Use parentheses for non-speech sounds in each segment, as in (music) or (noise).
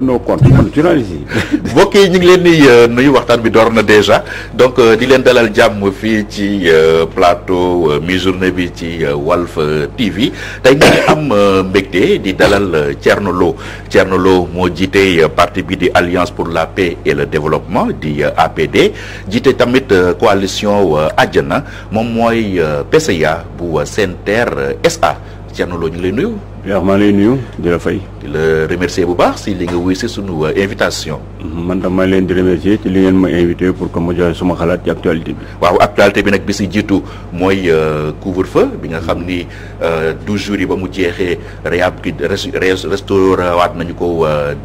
non compte man journaliste yi. ñu ngi leen di euh, nuyu waxtaan bi door na déjà donc euh, di leen dalal jàmm fii ci euh, plateau mi journée bi ci Walf TV tey ñu ngi am mbégte di dalal Thierno Lo Thierno Lo moo jiite parti bi di Alliance pour la paix et le développement di APD jiite tamit coalition Àjjana moom mooy PCA bu SEN TER SA Thierno Lo ñu ngi lay nuyu. yaa maa lay nuyu di la fay. di la remercier bu baax si li nga wuy si sunu euh, invitation. Mm-hmm. man tam ma leen di remercier ci li ngeen ma invité pour que ma joxe suma xalaat ci actualité bi. waaw actualité bi nag bi si jiitu mooy euh, couvre-feu bi nga xam ni 12 euh, jours yi ba mu jeexee réhab ki restauré waat nañu ko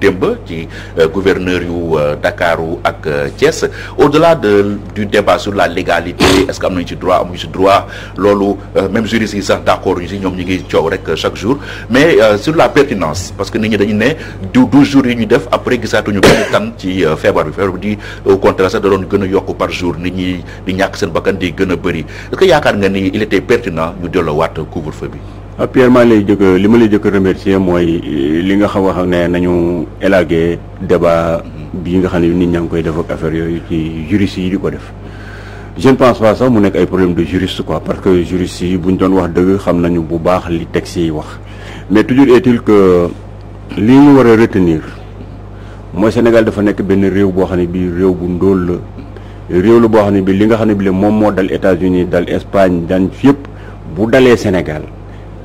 démb ci gouverneur yu ndakaaru ak Thiès au-delà de du débat sur la légalité est-ce que am nañu ci droit amuñu ci droit loolu même juristes yi sax d'accord ñu si ñoom ñu ngi coow rek chaque jour. mais euh, sur la pertinence parce que nit ñi dañu ne du jours yi ñu def après gisaatuñu benn tan ci euh, feebar bi feebar bi di au contraire sax da doon gën a yokk par jour nit ñi di ñàkk seen bakkan di gën a bëri est-ce que yaakaar nga ni il était pertinent ñu delloowaat couvre-feu bi. ah Pierre maa lay jëkk li ma lay jëkk mooy euh, li nga xam wax ne nañu élaguer débat bii nga xam ne nit ñaa ngi koy def ak affaire yooyu ci juriste yi di ko def je ne pense pas sax mu nekk ay problème de juriste quoi parce que juriste yi buñ doon wax dëgg xam nañu bu baax li teg si wax. mais toujours est-il que lii ñu war a retenir mooy Sénégal dafa nekk benn réew boo xam ne bii réew bu ndóol la réew la boo xam ne bi li nga xam ne bi la moom moo dal États-Unis dal Espagne daan yëpp bu dalee Sénégal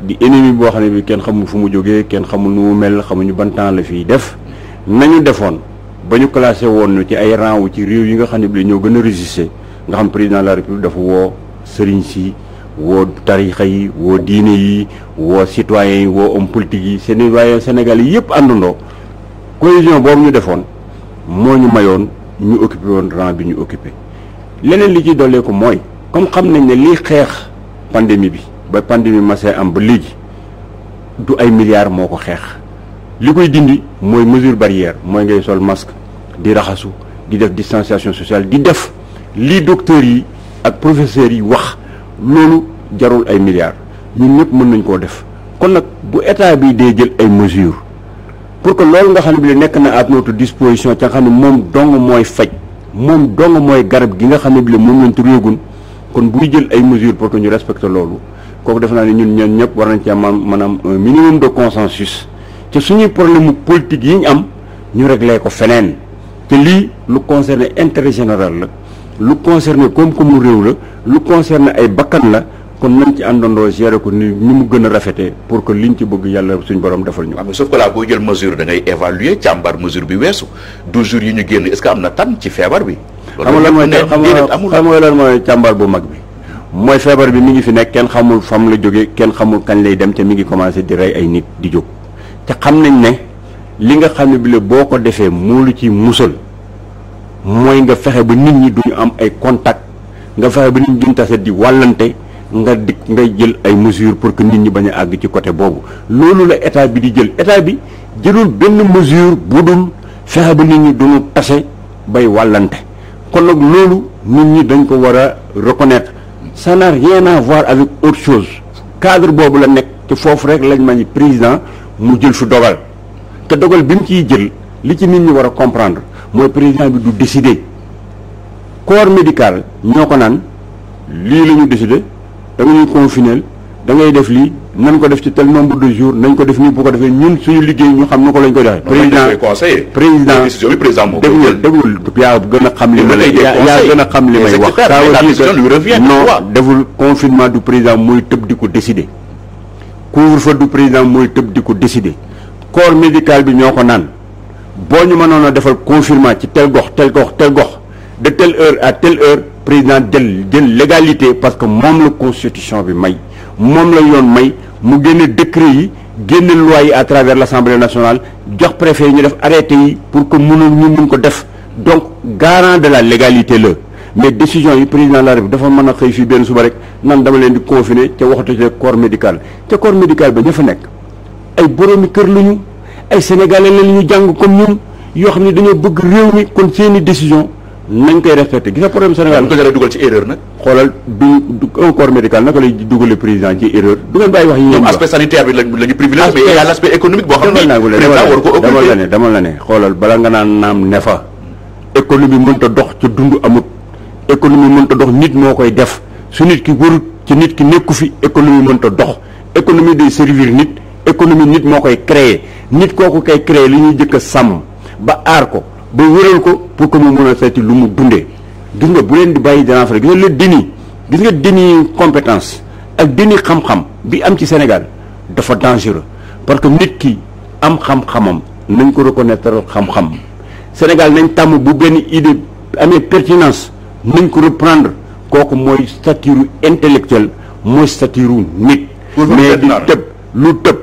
di ennemi boo xam ne bi kenn xamul fu mu jógee kenn xamul nu mu mel xamuñu ban la fii def nañu defoon ba ñu classé woon ci ay rang ci réew yi nga xam ne bi ñoo gën a résister nga xam président la république dafa woo sëriñ sii woo tarixa yi woo diine yi woo citoyens yi woo homme politique yi seen waaye Sénégal yi yëpp àndandoo cohésion boobu ñu defoon moo ñu mayoon ñu occupé woon rang bi ñu occupé leneen li ci ko mooy comme xam nañ ne lii xeex pandémie bi ba pandémie masee am ba léegi du ay milliards moo ko xeex li koy dindi mooy mesure barrière mooy ngay sol masque di raxasu di def distanciation sociale di def lii docteurs yi ak professeurs yi wax loolu jarul ay milliards ñun ñëpp mën nañ koo def kon nag bu état bi dee jël ay mesures pour que loolu nga xam ne bi nekk na à notre disposition ca nga xam ne moom dong mooy faj moom dong mooy garab gi nga xam ne bi moom lañ turéegun kon buy jël ay mesures pour que ñu respecte loolu kooku def naa ne ñun ñoom ñëpp war nañ ci manaam maanaam un minimum de consensus te suñuy problème politique yi ñu am ñu réglé ko feneen te lii lu concerne intérêt général la lu concerné koom-koomu réew la lu concerné ay bakkan la kon nañ ci àndandoo gérer ko ni ni mu gën a rafetee pour que li ñu ci bëgg yàlla suñ borom defal ñu. waaw ah, mais sauf que jël mesure dangay ngay évaluer càmbar mesure bi weesu jours yi ñu génn est-ce am na tam ci feebar bi. loolu lan mooy xam nga lan mooy càmbar bu mag bi. mooy feebar bi mi ngi fi nekk kenn xamul fam la jóge kenn xamul kañ lay dem te mi ngi commencé di rey ay nit di jóg te xam nañ ne li nga xam ne bi la boo ko defee moo lu ci musal. mooy nga fexe ba nit ñi duñu am ay contact nga fexe ba nit ñi duñ tase di wàllante nga dikk ngay jël ay mesures pour que nit ñi bañ a àgg ci côté boobu loolu la état bi di jël état bi jëlul benn mesure bu dul fexe ba nit ñi duñu tase bay wàllante kon nag loolu nit ñi dañ ko war a reconnaître ça n'a rien voir avec autre chose cadre boobu la nekk te foofu rek lañ ma ni président mu jël fi dogal te dogal bi mu ciy jël li ci nit ñi war a comprendre mooy président bi du décider corps médical ñoo ko naan lii la ñu décider da nga ñuy confiner da ngay def lii nan ko def ci tel nombre de jours nañ ko def nii bu ko defee ñun suñu liggéey ñu xam na ko lañ ko joxe. président président président moo koy jël déglu yaa gën a xam li ma lay yaa gën a xam li may wax ça veut dire que non deful confinement du président mooy tëb di ko décider couvre-feu du président mooy tëb di ko décider corps médical bi ñoo ko naan boo ñu mënoon a defal confirmant ci tel gox tel gox tel gox de telle heure à telle heure président jël jël légalité parce que moom la constitution bi may moom la yoon may mu génne décret yi génne loi yi à travers l' assemblée nationale jox préfet yi ñu def arrêté yi pour que mënul ñu mun ko def donc garant de la légalité la mais décision yi président de bi République dafa mën a xëy fii benn suba rek nan dama leen di confiner ca waxatu ca corps médical ca corps médical ba ña fa nekk ay boroomi kër ay sénégalais la ñu jàng comme ñun yoo xam ne dañoo bëgg réew mi kon seeni décision nañ koy respecté gis nga problème Sénégal. bu ko jëlee nag. xoolal du un corps médical naka lay dugalee président ci erreur. du ngeen bàyyi wax yi ñoom aspect sanitaire bi a l' aspect économique la ne xoolal bala nga naan naam ne fa. économie mënta dox ca dund amut économie mënta dox nit moo koy def su nit ki warut ci nit ki nekku fi économie mënta dox économie day servir nit économie nit moo koy créer. nit kooku kay créé li ñuy jëkk a sàmm ba aar ko ba wéral ko pour que mu mën a lu mu dundee gis nga bu leen di bàyyi danaf rek gis le déni gis nga déni compétence ak déni xam-xam bi am ci Sénégal dafa dangereux parce que nit ki am xam-xamam nañ ko reconnaître xam-xam Sénégal nañ tàmm bu benn idée amee pertinence nañ ko reprendre kooku mooy statut intellectuel mooy statut nit mais di tëb lu tëb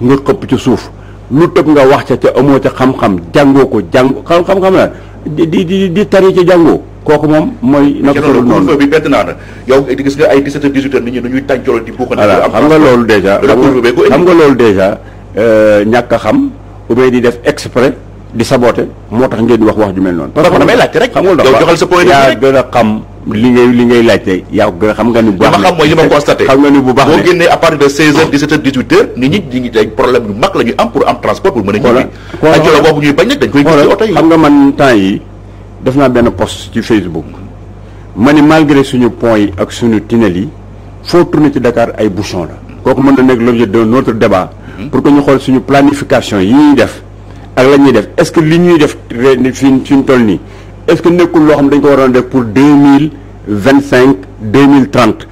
nga xëpp ci suuf lu tëb nga wax ca ca amoo ca xam-xam jàngoo ko jàng xam-xam la di di di tari ci jàngoo kooku moom mooy. naka la noonu bi bett naa la yow gis nga ay 17 heures 18 heures nit ñi dañuy tàncaloo di. am xam nga loolu dèjà. xam nga loolu dèjà euh, ñàkk a xam oubien di def exprès. di saboté moo tax ngeen di wax wax ju mel noonu. parce que damay laajte rek. yaa gën a xam li ngay li ngay laajte yaa gën a xam nga ni. bu baax li ma xam mooy li ma constaté. nga ni bu baax ne boo génnee à partir de 16h 17h 18h a. xoolal xam nga man temps yi def naa benn post ci Facebook ma ni malgré suñu pont yi ak suñu tunnel yi foo tourné ci Dakar ay bouchon la. kooku mën na nekk l'objet d'un autre débat hmm. pour que ñu xool suñu planification yi ñuy def ak la ñuy def est-ce que li ñuy def fii suñ toll nii est-ce que nekkul loo xam dañ ko waroon def pour deux mille vingt cinq deux mille trente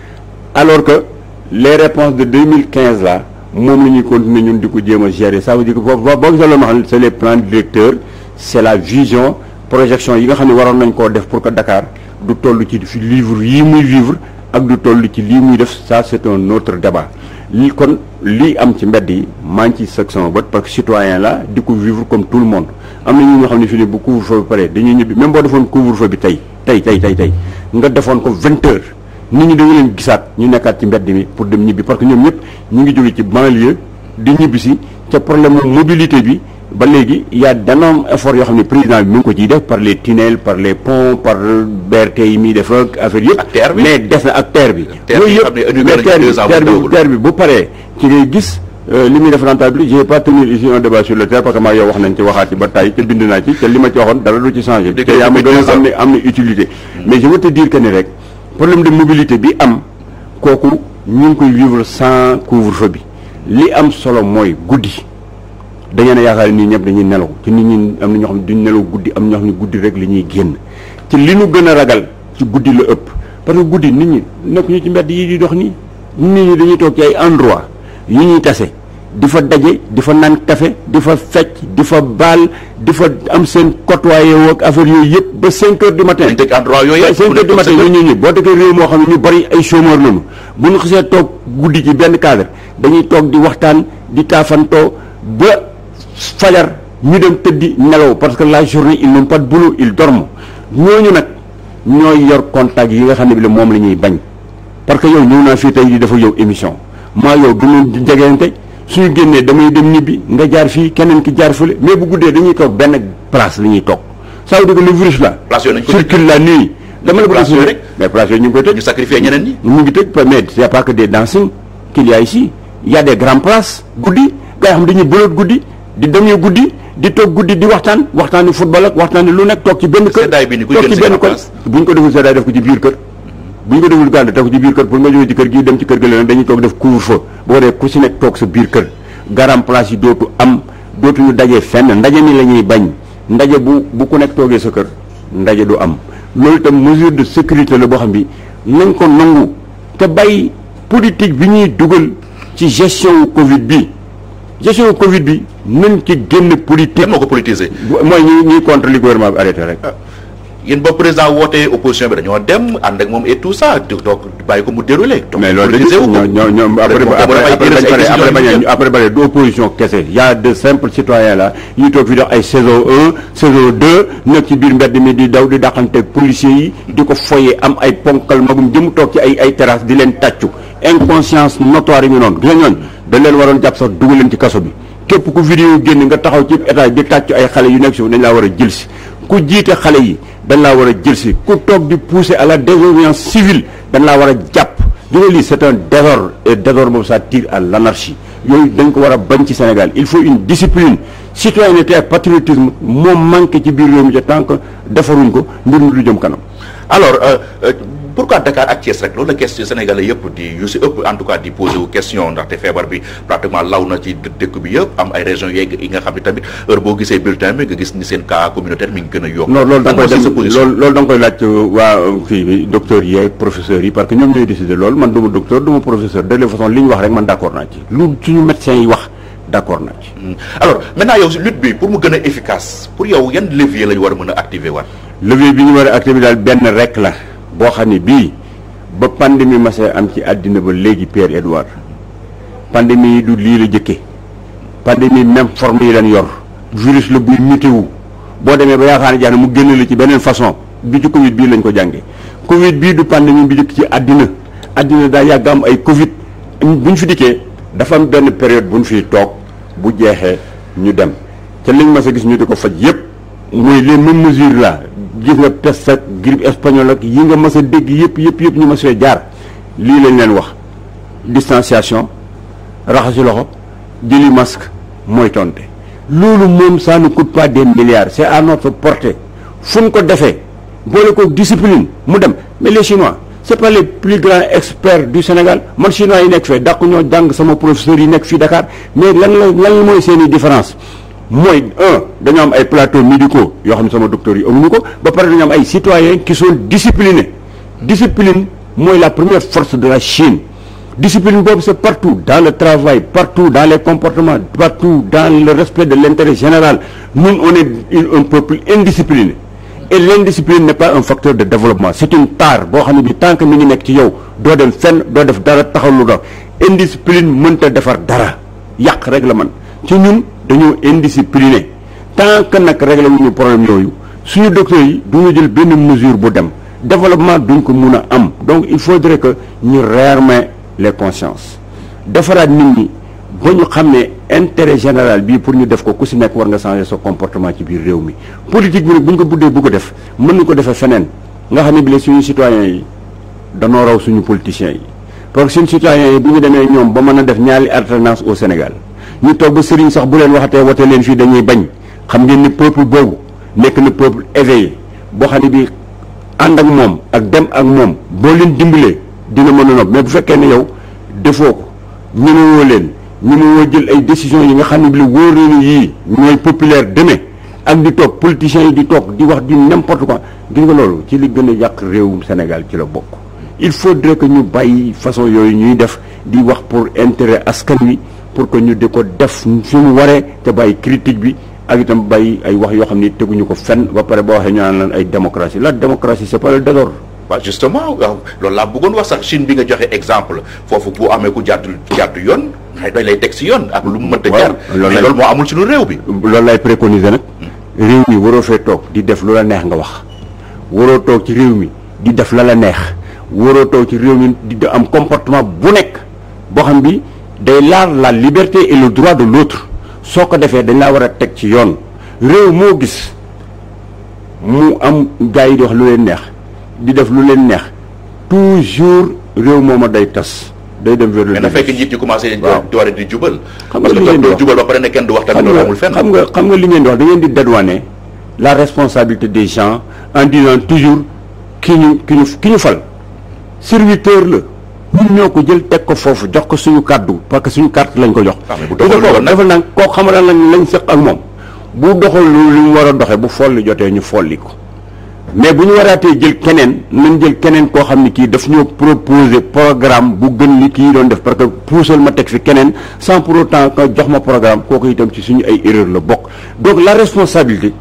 alors que les réponses de deux mille quinze là moom la ñuy continuer ñun di ko jéem a gérer ça veut dire que boo boo gisee loolu ma xam ne c'est les plans directeurs c'est la vision projection yi nga xam ne waroon nañ koo def pour que Dakar du toll ci livre yi muy vivre ak du toll ci lii muy def ça c'est un autre débat lii kon lii am ci mbedd yi maa ngi ciy sëg sama bët parce que citoyen la di ko vivre comme tout le monde am na ñu ñoo xam ne fii nii bu couvre-feu bi pare dañuy ñibbi même boo defoon couvre-feu bi tey tey tey tey tey nga defoon ko vingt heures nit ñi dañu leen gisaat ñu nekkaat ci mbedd mi pour dem ñibbi parce que ñoom ñëpp ñu ngi jóge ci banlieue di ñibbi ca problème mobilité bi. ba léegi yaa a d'énormes efforts yoo xam ne président bi mu ngi ko ciy def par les tunnels par les ponts par BRT yi muy def ak affaire yëpp mais def na ak terre bi yooyu yëpp mais terre bi terre bi terre bi bu paree ci ngay gis euh, li muy def rentable j'ai pas tenu ici un débat sur le terre parce que maa yow wax nañ ci waxaat ci ba tey te bind naa ci te li ma ci waxoon dara du ci changé te yaa ma doon am na am na utilité mais je veux te dire que ni rek problème de mobilité bi am kooku ñu ngi koy vivre sans couvre-feu bi li am solo mooy guddi da ngeen a yaakaar nii ñëpp dañuy nelaw ci nit ñi am na ñoo xam ne duñ nelaw guddi am ñoo xam ne guddi rek li ñuy génn ci li nu gën a ragal ci guddi la ëpp parce que guddi nit ñi nekk ñu ci mbedd yi di dox nii nit ñi dañuy toog ci ay endroit yi ñuy tase di fa daje di fa naan café di fa fecc di fa baal di fa am seen côtoyé ak affaire yooyu yëpp ba cinq heures yooyu matin cinq heures du matin yooyu ñuy ñëpp boo dëkkee réew moo xam ne ñu bari ay chômeur lañu bu ñu xasee toog guddi ci benn kaa dañuy toog di waxtaan di taafantoo ba fajar ñu dem tëddi nelaw parce que la journée ils n'ont pas de boulot ils ñooñu nag ñooy yor contact yi nga xam ne bi la moom la ñuy bañ parce que yow ñëw naa fii tey di dafa yow émission maa yow duñu su ñu génnee damay dem ñibbi nga jaar fii keneen ki jaar fële mais bu guddee dañuy toog benn place la ñuy toog ça veut dire que le virus là circule la nuit la rek mais place yooyu ñu ngi koy tëj ñu sacrifier ñeneen ñi mu ngi tëj mais c'est pas que des dancing qu'il y a ici xam dañuy bëloot guddi di dem yu guddi di toog guddi di waxtaan waxtaani football ak waxtaani lu nekk toog ci benn kër toog ci benn kër bu ñu ko deful seddaay def ko ci biir kër bu ñu ko deful gànd def ko ci biir kër pour nga jógee ci kër gi dem ci kër gi ko dañuy toog def couvre-feu boo dee ku sa biir kër garam place yi dootu am dootuñu daje fenn ndaje mi la ñuy bañ ndaje bu bu ku nekk toogee sa kër ndaje du am loolu itam mesure de sécurité la boo xam bi nañ ko nangu te bàyyi politique bi ñuy dugal ci gestion Covid bi gestion Covid bi nañ ci génn politique. moo ko politisé. mooy ñi ñuy contre li gouvernement bi arrêté rek. Euh, yéen ba président wootee opposition bi dañoo dem ànd ak moom et tout ça donc bàyyi ko mu déroulé. mais loolu dañu après après bare du opposition kese y a de simples citoyens là ñuy toog fi dox ay saison un saison deux nekk ci biir mbedd mi di daw di dàqanteeg policiers yi di ko foyee am ay ponkal magum jëm toog ci ay ay terrasse di leen tàccu inconscience notoire yi ñu noonu gis nga ñooñu dañ leen waroon jàpp sax dugal leen ci kaso bi képp ku vidéo génn nga taxaw ci état di tàcc ay xale yu nekk si dañ laa war a jël si ku jiite xale yi dañ laa war a jël si ku toog di pousser à la désobéissance civile dañ laa war a jàpp june lii c'est un désordre et désordre boobu ça tire à l'anarchie yooyu dañ ko war a bañ ci Sénégal il faut une discipline citoyenneté ak patriotisme moom manqué ci biir réew mi ca tant que defaruñ ko mbir mi du jëm kanam alors euh, euh, pourquoi Dakar ak Thiès rek loolu la question sénégalais yëpp di yu ëpp en tout cas di posé wu question ndaxte feebar bi law na ci dëkk bi yëpp am ay régions yeeg nga xam ne tamit heure boo gisee bulletin bi nga gis ni seen cas communautaire mi ngi gën a yokk non loolu da koy loolu euh, waa kii docteurs yi ak professeurs yi parce que ñoom ñooy décider loolu man du ma docteur professeur de toute façon li wax rek man d' naa ci lu hmm. si a efficace pour yow yan levier ñu war a mën a boo xam ne bii ba pandémie masee am ci àddina ba léegi Pierre Edouard pandémie yi du lii la jëkke pandémie même forme yi leen yor virus la buy mutéwu boo demee ba yaakaar ne jeex na mu génn la ci beneen façon bi ci covid bii lañ ko jànge covid bii du pandémie bi jëkk ci àddina àddina daa yàgg am ay covid bu ñu fi dikkee dafa am benn période bu ñu fiy toog bu jeexee ñu dem ca lañ mas a gis ñu di ko faj yépp mooy leen mêmes mesures là gis nga peste ak grippe espagnole ak yi nga mës a dégg yëpp yëpp yëpp ñu ma fee jaar lii lañ leen wax distanciation raxasi loxo jëli masque mooy tonte loolu moom ça ne coûte pas des milliards c'est à notre porté fu ko defee boole ko discipline mu dem mais les chinois c'est pas les plus grands experts du Sénégal man chinois yi nekk fee dàq ñoo jàng sama professeur yi nekk fii Dakar mais lan la lan mooy seen i différence mooy un dañoo am ay plateaux médicaux yoo xam ne sama docteur yi amuñu ko ba pare dañoo am ay citoyens qui sont disciplinés discipline mooy la première force de la Chine discipline boobu c'est partout dans le travail partout dans le comportements partout dans le respect de l'intérêt général ñun on est un peuple indiscipliné et l'indiscipline n'est pas un facteur de développement c'est une boo xam ne bi tant que mi ngi nekk ci yow doo dem fenn doo def dara taxaw lu dox indiscipline mënta defar dara yàq rek la man dañoo indiscipliné tant que nag réglé wuñu problème yooyu suñu docteur yi duñu jël benn mesure bu dem développement duñ ko mun a am donc il faudrait que ñu réarmer les consciences defaraat nit ñi ba ñu xam ne intérêt général bii pour ñu def ko ku si nekk war nga changer sa comportement ci biir réew mi politique bi nag bu ñu ko buddee bu ko def mën nañu ko defee feneen nga xam ne bi suñu citoyens yi danoo raw suñu politiciens yi parce que suñu citoyens bu ñu demee ñoom ba mën a def ñaari alternance au Sénégal ñu toog ba sëriñ sax bu leen waxatee wotee leen fii dañuy bañ xam ngeen ni peuple boobu nekk na peuple éveillé boo xam ne bi ànd ak moom ak dem ak moom boo leen dimbalee dina mën a nopp mais bu fekkee ne yow defoo ko ñemewoo leen ñemewoo jël ay décision yi nga xam ne bi la wóor nañu yii ñooy populaire demee ak di toog politiciens yi di toog di wax di n'importe quoi gis nga loolu ci li gën a yàq réewum Sénégal ci la bokk il faudrait que ñu bàyyi façon yooyu ñuy def di wax pour intérêt askan wi pour que ñu di ko def suñu waree te bàyyi critique bi ak itam bàyyi ay wax yoo xam ne teguñu ko fenn ba pare ba waxee ñu naan ay démocratie la démocratie c'est pas le désordre waaw justement loolu laa bëggoon wax sax Chine bi nga joxe exemple foofu bu amee ku jàdd jàdd yoon xëy dañ lay teg si yoon ak lu mu mënta jaar lool moo amul ci lu réew bi loolu lay préconiser nag hmm. réew mi waroo fee toog di def lu la neex nga wax waroo toog ci réew mi di def la la neex waroo toog ci réew mi di am comportement bu nekk boo bi day laar la liberté et le droit de l'autre soo ko defee dañ laa war a teg ci yoon réew moo gis mu am gars yi di wax lu leen neex di def lu leen neex toujours réew mooma day tas day dem wér. mais na fekk njiit ñi commencé. waaw di war di jubal. xam nga li ngeen ne kenn du wax tamit loolu amul fenn. xam nga xam nga li ngeen di wax da ngeen di dédouaner la responsabilité des gens en disant toujours ki ñu ki ñu ki ñu fal serviteur la. ñun ñoo ko jël teg ko foofu jox ko suñu kàddu parce que suñu carte lañ ko jox. waaw ah, dafa nag koo xamal nañ lañ sëq ak moom. bu doxal lu mu war a doxee bu folli jotee ñu folli ko mais bu ñu waraatee jël keneen nañ jël keneen koo xam ne kii daf ñoo proposer programme bu gën li kii doon def parce que puusal ma teg fi keneen sans pour autant que jox ma programme kooku itam ci suñu ay erreur la bokk donc la responsabilité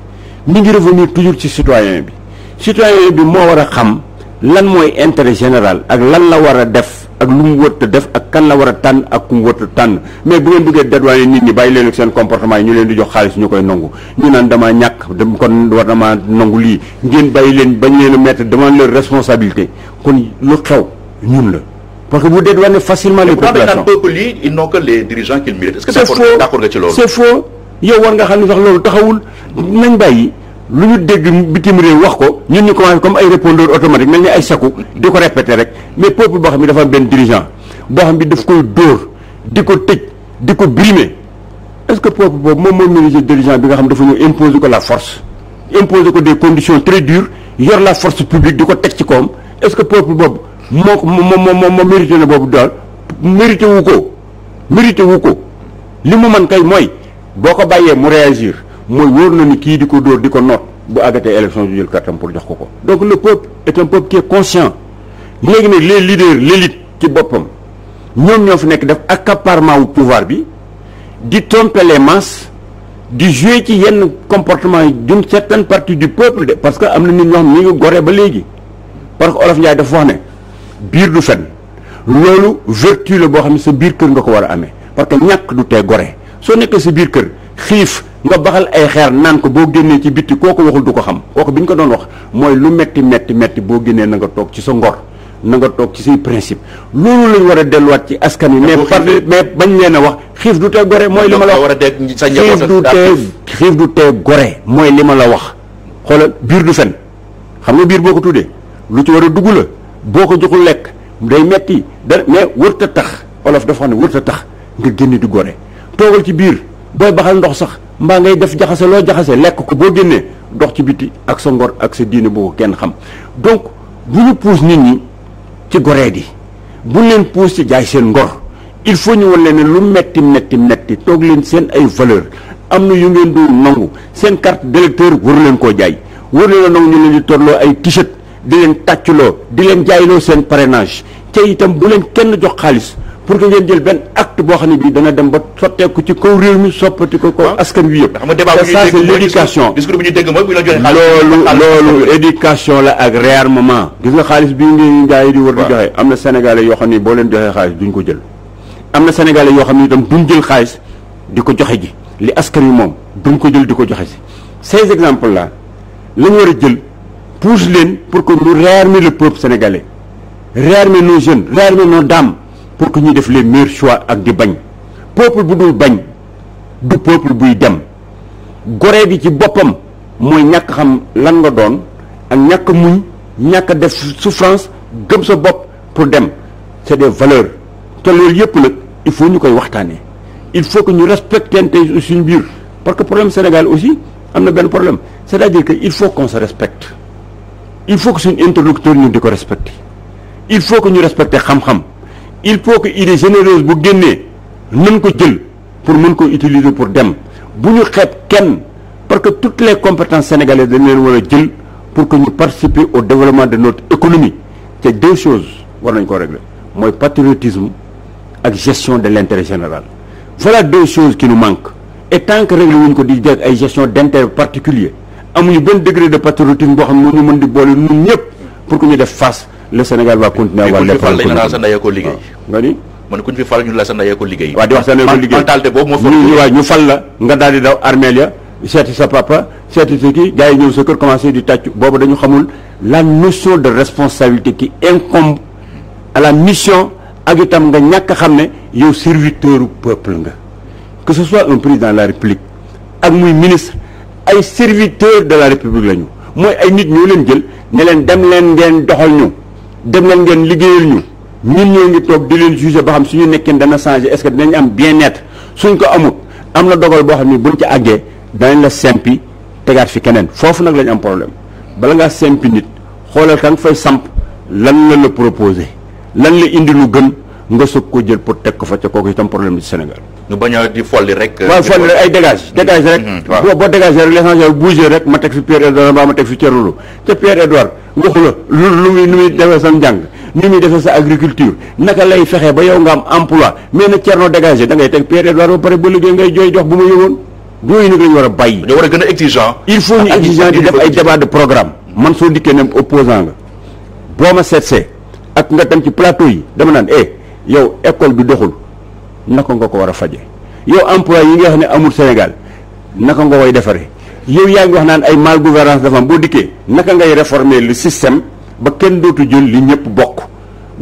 mi ngi revenir toujours ci citoyen bi citoyen bi moo war a xam lan mooy intérêt général ak lan la war a def ak lu mu wërta def ak kan la war a tànn ak ku mu wërta tànn mais bu ngeen bëggee dédouaner nit ñi bàyyi leen ak seen comportement yi ñu leen di jox xaalis ñu koy nangu ñu naan dama ñàkk dem kon war dama nangu lii ngeen bàyyi leen bañ leen a mettre demande leur responsabilité kon lu xew ñun la parce que vous dédouanez facilement les populations lii ils n'ont que les dirigeants qu'ils méritent ce que yow war nga xam ne sax loolu taxawul nañ bàyyi lu ñu dégg bitim réew wax ko ñun ñu commencé comme ay répondeur automatique mel ni ay saku di ko répété rek mais peuple boo xam ne dafa am benn dirigeant boo xam ne daf koy dóor di ko tëj di ko brimer est-ce que peuple boobu moom moo mérité dirigeant nga xam dafa ñu imposer ko la force imposer ko des conditions très dures la force publique di ko teg ci koom est-ce que peuple boobu moo ko moo moo moo mérité na boobu daal mérité wu ko mérité wu ko li mu mën kay mooy boo ko bàyyee mu réagir. mooy wóor na ni kii di ko dóor di ko noot bu àggatee élection ñu jël kartam pour jox ko ko donc le peuple est un peuple qui est conscient léegi nag les leaders l'élite ci boppam ñoom ñoo fi nekk def accaparement wu pouvoir bi di tromper les di jouer ci yenn comportement yi d'une certaine partie du peuple de parce que am na nit ñoo xam ñu gore ba léegi parce que Olof Ndiaye dafa wax ne biir du fen loolu vertu la boo xam ne sa biir kër nga ko war a amee parce que ñàkk du gore soo nekkee sa biir kër xiif nga baxal ay xeer naan ko boo génnee ci bitti kooku waxul du ko xam kooku bi ñu ko doon wax mooy lu metti metti metti boo génnee na nga toog ci sa ngor na nga toog ci say principe loolu lañ war a delluwaat ci askan wi mais par mais bañ leen a wax xiif du tee gore mooy li ma la wax xiif du tee xiif du tee gore mooy li ma la wax xoolal biir du fen xam nga biir boo ko tuddee lu ci war a dugg la boo ko joxul lekk day metti da mais wërta tax olof dafa xam ne wërta tax nga génn di gore toogal ci biir booy baxal ndox sax mbaa ngay def jaxase loo jaxase lekk ko boo génnee dox ci biti ak sa ngor ak sa diine boo ko kenn xam donc bu ñu puus nit ñi ci goree di bu leen puus ci jaay seen ngor il faut ñu wan leen ne lu metti metti metti toog leen seen ay valeur am na yu ngeen dul nangu seen carte d'électeur war leen koo jaay war a nangu ñu leen di torloo ay t di leen tàccloo di leen jaayloo seen parrainage te itam bu leen kenn jox xaalis pour que ngeen jël benn acte boo xam ne bii dana dem ba sotteeku ci kaw réew mi soppati ko kaw askan wi yëpp. te ça c'est l'éducation loolu loolu éducation la ak réarmement gis nga xaalis bii ngeen gars yi di war di joxe am na sénégalais yoo xam ne boo leen joxee xaalis duñ ko jël am na sénégalais yoo xam ne itam duñ jël xaalis di ko joxe ji li askan wi moom duñ ko jël di ko joxe si ces exemple là la ñu war a jël pousse leen pour que ñu réarmer le peuple sénégalais réarmer nos jeunes réarmer nos dames pour que ñuy def les meilleurs choix ak di bañ peuple bu dul bañ du peuple buy dem goree bi ci boppam mooy ñàkk xam lan nga doon ak ñàkk muñ ñàkk a def souffrance gëm sa bopp pour dem c'est des valeurs te loolu yëpp nag il faut ñu koy waxtaanee il faut que ñu respecter tey suñu biir parce que problème Sénégal aussi am na benn problème c'est-à-dire que il faut qu'on se respecte il faut que suñu interlocuteur ñu di ko respecter il faut que ñu respecter xam-xam il faut que idée généreuse bu génnee mën ko jël pour mën ko utiliser pour dem bu ñu xeet kenn parce que toutes les compétences sénégalaises dañ leen war a jël pour que ñu participer au développement de notre économie te deux choses war nañ ko régler mooy patriotisme ak gestion de l'intérêt général voilà deux choses qui nous manquent et tant que réglé wuñ ko di jeg ay gestion d'intérêt particulier ñu benn degré de patriotisme boo xam ne moo ñu mën di boole ñëpp pour que ñu def face le Sénégal va continuer à avoir les problèmes politiques kuñ fi fal dañu la Assane Ndeye ko liggéey. Ah, nga ni man kuñ fi fal ñu la Assane Ndeye ko liggéey. waaw di wax Assane Ndeye ko liggéey mentalité boobu moo fa. ñu waaw ñu fal la nga daal di daw armeel ya seeti sa papa seeti sa kii gars yi ñëw sa kër commencé di tàcc boobu dañu xamul la notion de responsabilité qui incombe à la mission ak itam nga ñàkk a xam ne yow serviteur du peuple nga que ce soit un président de la république ak muy ministre ay serviteurs de la république lañu mooy ay nit ñoo leen jël ne leen dem leen ngeen doxal ñu. dem nañ ngeen liggéeyal ñu ñun ñoo ngi toog di leen jugé ba xam suñu nekkin dana changé est-ce que dinañ am bien-être suñ ko amut am na dogal boo xam ne buñ ci àggee danañ la sempi tegaat fi keneen foofu nag lañ am problème bala ngaa sempi nit xoolal ka nga fay samp lan la la proposé lan la indi lu gën nga soog ko jël pour teg ko fa ca kooku itam problème ci Sénégal. ñu bañ di folli rek. Euh, waaw folli rek ay dégage mm-hmm. dégage rek. Mm-hmm. waaw boo boo rek l'essentiel ma teg fi Pierre Edouard ba ma teg fi Thierno Lo waxu la lu lu muy nu muy defee sa njàng ni muy defee sa agriculture naka lay fexe ba yow nga am emploi mais nag Thierno dégagé da ngay teg per Edouard ba pare ba liggéey ngay jooy jox bu ma yëgoon yooyu nag lañu war a bàyyi. dañoo a gën a exigeant. il faut ñu exigeant di def ay débat de programme man soo dikkee ne opposant nga boo ma seetsee ak nga dem ci plateau yi dama naan eh yow école bi doxul naka nga ko war a faje yow emploi yi nga xam ne amul Sénégal naka nga koy defaree yow yaa ngi wax naan ay mal gouvernance dafa am boo dikkee naka ngay réformer lu système ba kenn dootu jël li ñëpp bokk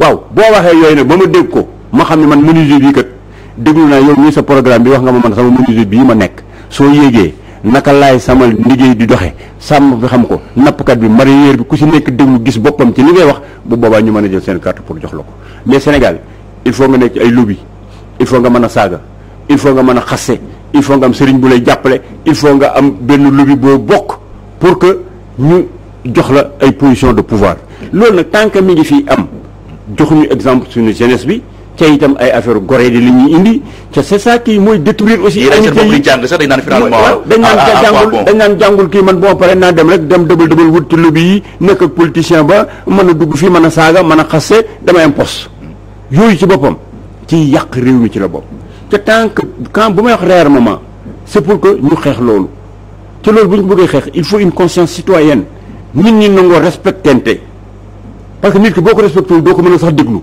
waaw boo waxee yooyu nag ba ma dégg ko ma xam ne man menuisier bii kat déglu naa yow ñuy sa programme bi wax nga ma man sama menuisier bii ma nekk soo yéegee naka laay sama liggéey di doxe sàmm bi xam ko nappkat bi mareyeur bi ku si nekk déglu gis boppam ci li ngay wax bu boobaa ñu mën a jël seen carte pour jox la ko mais Sénégal il faut nga nekk ay lobby il faut nga mën a saaga il faut nga mën a xasse il faut nga am sëriñ bu lay jàppale il faut nga am benn lobby boo bokk pour que ñu jox la ay position de pouvoir loolu nag tant que mi ngi fii am joxuñu exemple suñu jeunesse bi ca itam ay affaire goré di li ñuy indi ca c'est ça kii mooy détruire aussi dañ jàng sax dañ naan finalement dañ naan jàngul dañ naan jàngul kii man boo pare naa dem rek dem dëbal dëbal wut ci lobby yi nekk ak politicien ba mën a dugg fii mën a saaga mën a xasse damay am poste yooyu ci boppam ci yàq réew mi ci la bopp te tant que quand bu may wax réer moment c'est pour que ñu xeex loolu te loolu bu ñu bëggee xeex il faut une conscience citoyenne nit ñi nangoo respectante parce que nit ki boo ko respecté doo ko mën a sax déglu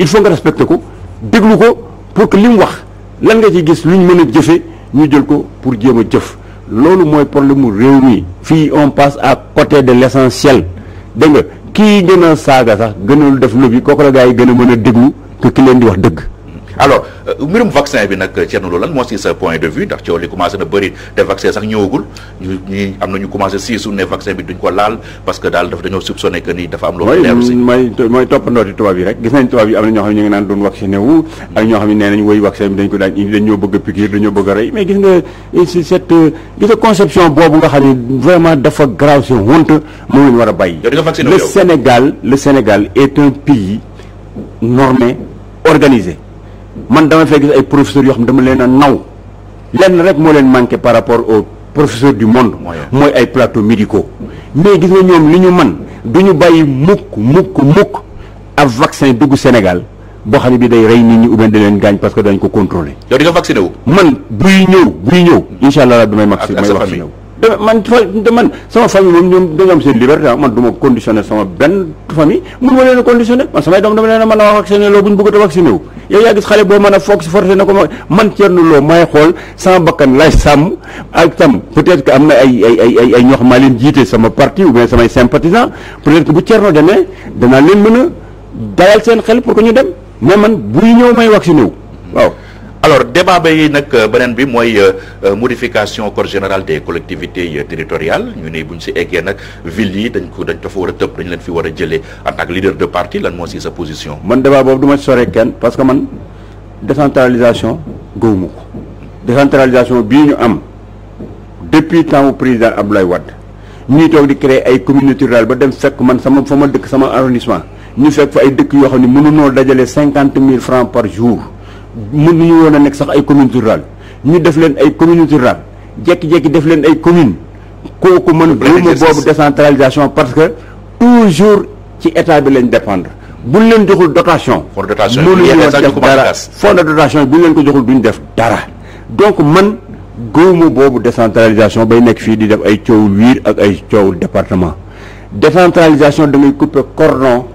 il faut nga respecté ko déglu ko pour que li mu wax lan nga ci gis lu ñu mën a jëfe ñu jël ko pour jéem a jëf loolu mooy problème mu réew mi fii on passe à côté de l'essentiel dégg nga kii gën a saaga sax gën a def lobby kooku la gars yi gën a mën a déglu ki leen di wax dëgg alors euh, mbirum vaccin bi nag euh, Thierno Lo lan moo si sa point de vue ndax coow na bëri te vaccin sax ñëwagul ñu ñi am na ñu commencé siisu ne vaccin bi duñ ko laal parce que daal dafa dañoo soupçonné que ni dafa am loolu na ñoo xam ne ñu naan doon vacciné ak ñoo xam ne nee nañ vaccin bi dañ ko daan indi bëgg a piqûre dañoo bëgg a rey mais gis nga euh, si conception boobu nga xam ne vraiment dafa grave c'est honte moom lañ war a bàyyi le Sénégal le Sénégal est un man dama fee gis ay professeurs yoo xam ne dama leen a naw lenn rek moo leen manqué par rapport au professeur du monde mooy ay plateaux médicaux mais gis nga ñoom li ñu man du ñu bàyyi mukk mukk mukk ab vaccin dugg Sénégal boo xam ne bi day rey nit ñi ubbeen da leen gaañ parce que dañ ko contrôler yow di nga man buy ñëw buy ñëw insha allah damay man man sama famille moom ñoom dañoo seen liberté ah, man du ma sama benn famille mun ma leen a conditionné man samay a mën a a vacciné wu yow yaa gis xale boo man a foog si forcé na ko man Thierno Lo may xool sama bakkan lay sàmm ak tam peut-être que am na ay ay ay ay ay ñoo maa leen jiite sama parti ou bien samay sympathisants peut-être que bu Thierno demee danaa leen mën a dalal seen xel pour que ñu dem mais man buy ñëw may vacciné wu waaw. alors débat bi nag euh, beneen bi mooy euh, euh, modification code général des collectivités territoriales ñu ne bu ñu si eggee nag ville yi dañ ko dañ ko fa tëb dañ leen fi war a jëlee en tant leader de parti lan moo si sa position. man débat boobu du ma sore kenn parce que man décentralisation gëwuma ko décentralisation bii ñu am depuis temps président Abdoulaye Wade ñuy toog di créer ay communauté rurale ba dem fekk man sama fa ma dëkk sama arrondissement ñu fekk ay dëkk yoo xam ne mënuñoo dajale cinquante mille francs par jour. mën ñu woon a nekk sax ay communes rurales ñu def leen ay communes rurales jekki jékki def leen ay communes kooku man buuma boobu décentralisation parce que toujours ci état bi lañ dépendre buñ leen joxul dotation mënuñu woon def dara fond de dotation buñ leen ko joxul duñ def dara donc man gëwuma boobu décentralisation bay nekk fii di def ay coow wiir ak ay coow département décentralisation da ngay couper cordon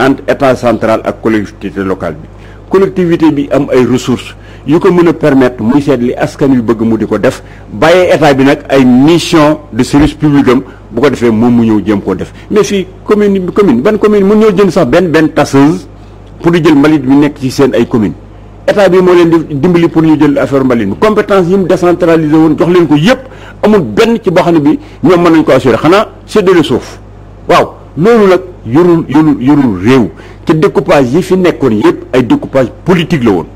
entre état central ak collectivité locale bi collectivité bi am ay ressources yu ko mën a permettre muy seet li askan wi bëgg mu di ko def bàyyee état bi nag ay mission de service public am bu ko defee moom mu ñëw jëm koo def mais fii commune commune ban commune mën ñoo jën sax benn benn tasseuse pour di jël mbalit bi nekk ci seen ay commune état bi moo leen di dimbali pour ñu jël affaire mbalit mi compétence yi mu décentralisé woon jox leen ko yëpp amul benn ci boo xam bi ñoom mën nañ ko assuré xanaa séddale suuf waaw loolu nag yorul yorul réew te découpage yi fi nekkoon yépp ay découpage politique la woon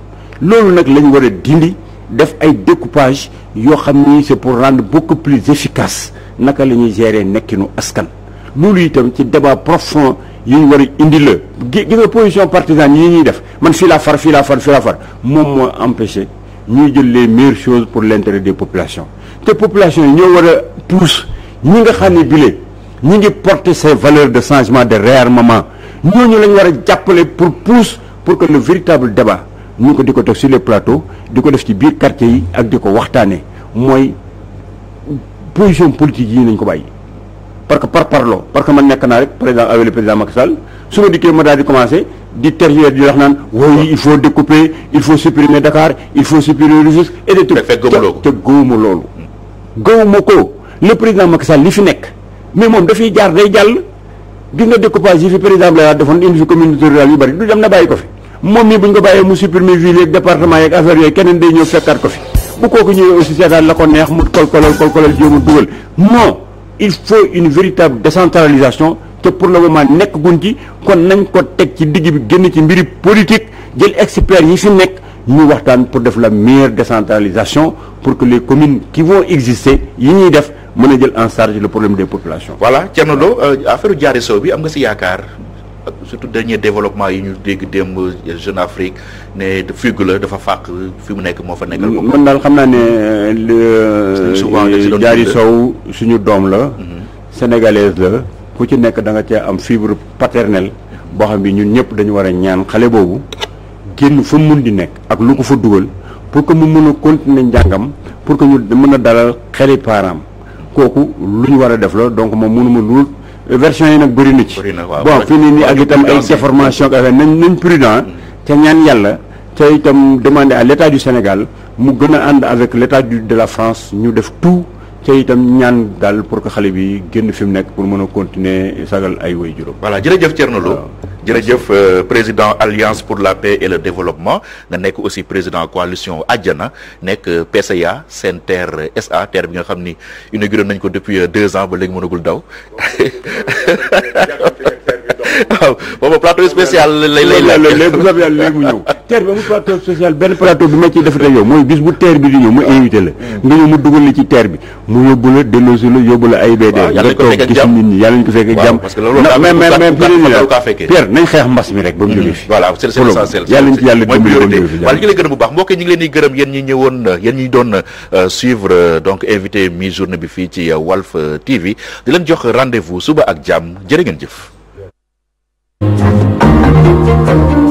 loolu nag lañ war a dindi def ay découpage yoo xam ni c'est pour rendre beaucoup plus efficace naka la ñuy gérer nekkinu askan loolu itam ci débat profond yi ñu war a indi la gis nga position partisane yi ñuy def man fii laa far fii laa far fii laa far moom moo empêché ñuy jël les meilleures choses pour l'intérêt des population te population yi ñoo war a ñi nga xam ne bile ñi ngi porter ces de changement de réarmement ñooñu lañ war a jàppale pour pousse pour que le véritable débat ñu ko di ko def sur les plateaux di ko def ci biir quartier yi ak di ko waxtaanee mooy position politique yi nañ ko bàyyi. parce que par parloo parce que man nekk naa rek président avec le président Macky Sall su ma dikkee ma daal di commencé di tergier di wax naan oui il faut découper il faut supprimer Dakar il faut supprimer Rufisque et des trucs te gëwuma loolu gëwuma ko le président Macky li fi nekk mais moom dafay jaar day gis nga découpage yi fi président Abdoulaye Wade defoon indi fi communauté rurale yu bari du dem na bàyyi ko fi moom mii bu ñu ko mu supprimer ville yeeg département yeeg affaire yooyu keneen day ñëw fekkaat ko fi bu kooku ñëwee aussi la ko neex mu kolkolal kolkolal jéem a dugal non il faut une véritable décentralisation te pour le moment nekk gun ci kon nañ ko teg ci digg bi génn ci mbiri politique jël experts yi fi nekk ñu waxtaan pour def la meilleure décentralisation pour que les communes qui vont yi ñuy def mën a jël en charge le problème des populations. voilà Thierno Lo euh, affaire Diary Sow bi am nga si yaakaar surtout dernier développement yi ñu dégg démb Jeune Afrique ne fugue la dafa fàq fi mu nekk moo fa nekkal. man daal xam naa ne. souvent Sow suñu doom la. Mhm. sénégalaise la. ci nekk da nga cee am fibre paternelle. boo xam bi ñun ñëpp dañu war a ñaan xale boobu génn fu mu mun di nekk ak lu ko fa dugal pour que mu mun a continuer njàngam pour que ñu mën a dalal xeli parents kooku lu ñu war a def la donc moom mënuma lu version yi nag bëri na ci bon fii nii nii ak itam ay déformation ak affaire nañ nañ prudent ca ñaan yàlla ca itam demande à l' du Sénégal mu gën a ànd avec l' état de la France ñu def tout ca itam ñaan daal pour que xale bi génn fi mu nekk pour mën a continuer sagal ay way juróom. voilà jërëjëf na Lo jërëjëf euh, président alliance pour la paix et le développement nga nekk aussi président coalition Adiana nekk euh, PCA seen Terre SA terre bi nga xam ni inauguré nañ ko depuis euh, deux ans ba léegi mënagul daw. (laughs) waaw booba plateau spécial lay lay la léegi bu mu ñëw teer bi amul plateau ma ciy defate yow mooy bu teer bi di ñëw ma invité la hmm. nga ñëw mu dugal la ci teer bi mu yóbbu la delloosi la yóbbu la AIBD nga toog gis nit ko fekk Pierre nañ xeex mbas mi rek ba mu jógee hmm. fi voilà c'est l'essentiel yàlla ñu ci yàlla dimbali ba mu jógee fi wala ñu ngi lay gërëm bu baax mbokk ñu doon euh, suivre euh, donc invité mi journée bi fii ci euh, Walf TV di leen jox rendez-vous suba ak jàmm jërë jëf thank you